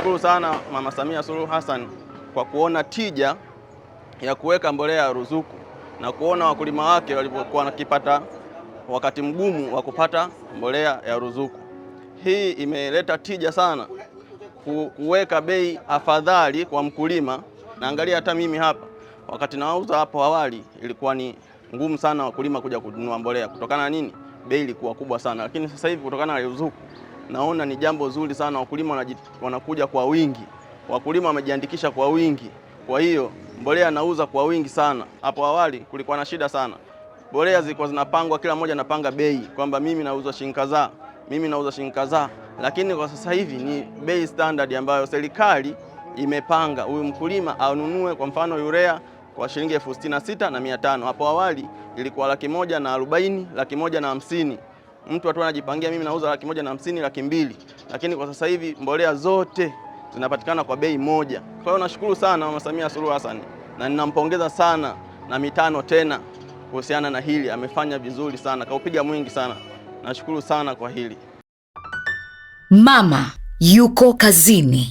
Tunamshukuru sana Mama Samia Suluhu Hassan kwa kuona tija ya kuweka mbolea ya ruzuku na kuona wakulima wake walivyokuwa wakipata wakati mgumu wa kupata mbolea ya ruzuku. Hii imeleta tija sana kuweka bei afadhali kwa mkulima. Naangalia hata mimi hapa, wakati nauza hapo awali ilikuwa ni ngumu sana wakulima kuja kununua mbolea kutokana na nini? Bei ilikuwa kubwa sana, lakini sasa hivi kutokana na ruzuku naona ni jambo zuri sana. Wakulima wanakuja kwa wingi, wakulima wamejiandikisha kwa wingi, kwa hiyo mbolea nauza kwa wingi sana. Hapo awali kulikuwa na shida sana, mbolea zilikuwa zinapangwa, kila mmoja anapanga bei kwamba mimi nauza shilingi kadhaa, mimi nauza shilingi kadhaa, lakini kwa sasa hivi ni bei standard ambayo serikali imepanga huyu mkulima anunue, kwa mfano urea kwa shilingi elfu sitini na sita na mia tano. Hapo awali ilikuwa laki moja na arobaini, laki moja na hamsini mtu atu anajipangia, mimi nauza laki moja na hamsini, laki mbili, lakini kwa sasa hivi mbolea zote zinapatikana kwa bei moja. Kwa hiyo nashukuru sana Mama Samia Suluhu Hassan na ninampongeza sana na mitano tena kuhusiana na hili, amefanya vizuri sana, kaupiga mwingi sana. Nashukuru sana kwa hili. Mama Yuko Kazini.